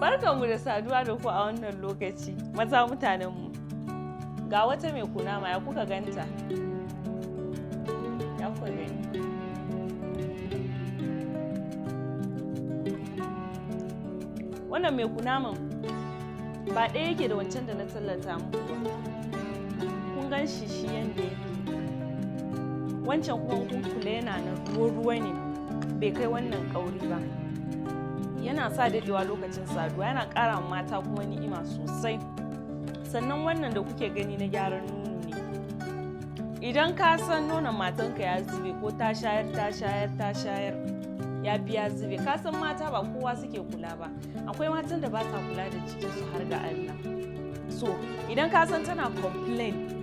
mu da saduwa da ku a wannan lokaci, maza mutanenmu. Ga wata mai kunama ya kuka ganta. Ya kuka Wannan mai kunaman ba ɗaya yake da wancan da na tallata muku Kun gan shi shi yadda yake. Wancan kuma kun kula yana nan ruwa-ruwa ne bai kai wannan ƙauri ba. yana sa dadewa lokacin saduwa yana ƙara mata kuma ni'ima sosai sannan wannan da kuke gani na gyaran nono ne idan ka san nonon matanka ya zube ko ta shayar ta shayar ta shayar ya biya zube ka san mata ba kowa suke kula ba akwai matan da ba sa kula da cikin su har ga Allah so idan ka san tana complain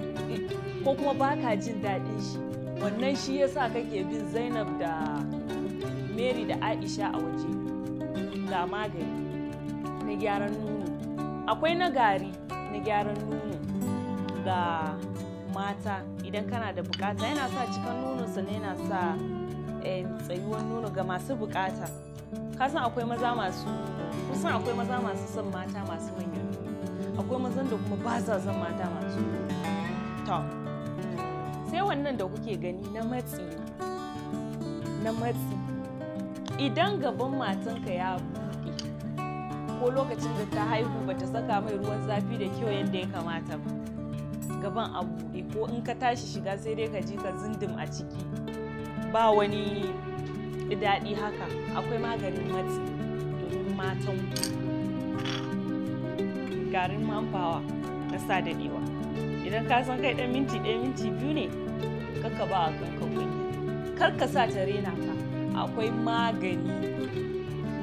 ko kuma ba ka jin daɗin shi wannan shi yasa kake bin Zainab da Mary da Aisha a waje illa magani na gyaran nuno akwai na gari na gyaran nuno ga mata idan kana da bukata yana sa cikin nuno sannan yana sa eh, tsayuwar nuno ga masu bukata kasan akwai maza masu kusan akwai maza masu son mata masu manyan akwai mazan da kuma ba sa son mata masu to sai wannan da kuke gani na matsi na matsi idan gaban matanka ya buɗe ko lokacin da ta haihu ba ta saka mai ruwan zafi da kyau yadda ya kamata ba gaban a buɗe ko in ka tashi shiga sai dai ka ji ka zindim a ciki ba wani daɗi haka akwai maganin matsi domin matan garin manfawa na sa daɗewa idan ka san kai ɗan minti ɗaya minti biyu ne kakka ba a kanka kuɗi kar ka sa ta rena ka akwai magani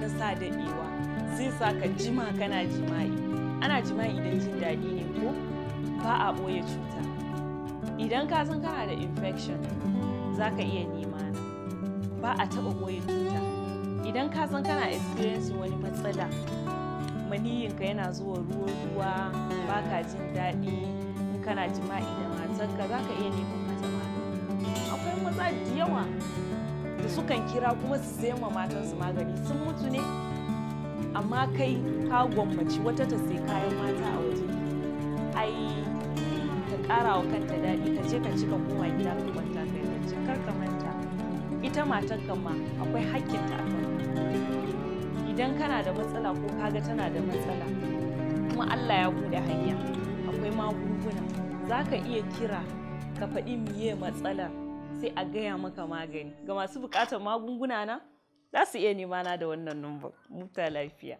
na sa daɗewa zai sa ka jima kana jima'i ana jima'i don jin daɗi ne ko ba a ɓoye cuta idan ka san kana da infection za ka iya nema ba a taɓa ɓoye cuta idan ka san kana experience wani matsala maniyinka yana zuwa ruwa-ruwa ba ka jin daɗi kana jima'i da matarka za ka iya neman mata akwai maza da yawa sukan kira kuma su sayan wa matansu magani sun mutu ne amma kai ka gwammaci wata ta sai kayan mata a waje ai ka kara wa kanta daɗi ka je ka cika ka koma gida ka kwanta ka yi bacci kar ka manta ita matan kan ma akwai ta a idan kana da matsala ko kaga tana da matsala kuma Allah ya bude hanya akwai magunguna za ka iya kira ka faɗi miye matsalar sai a gaya maka magani ga masu bukatar magunguna na za su iya nema na da wannan numba muta lafiya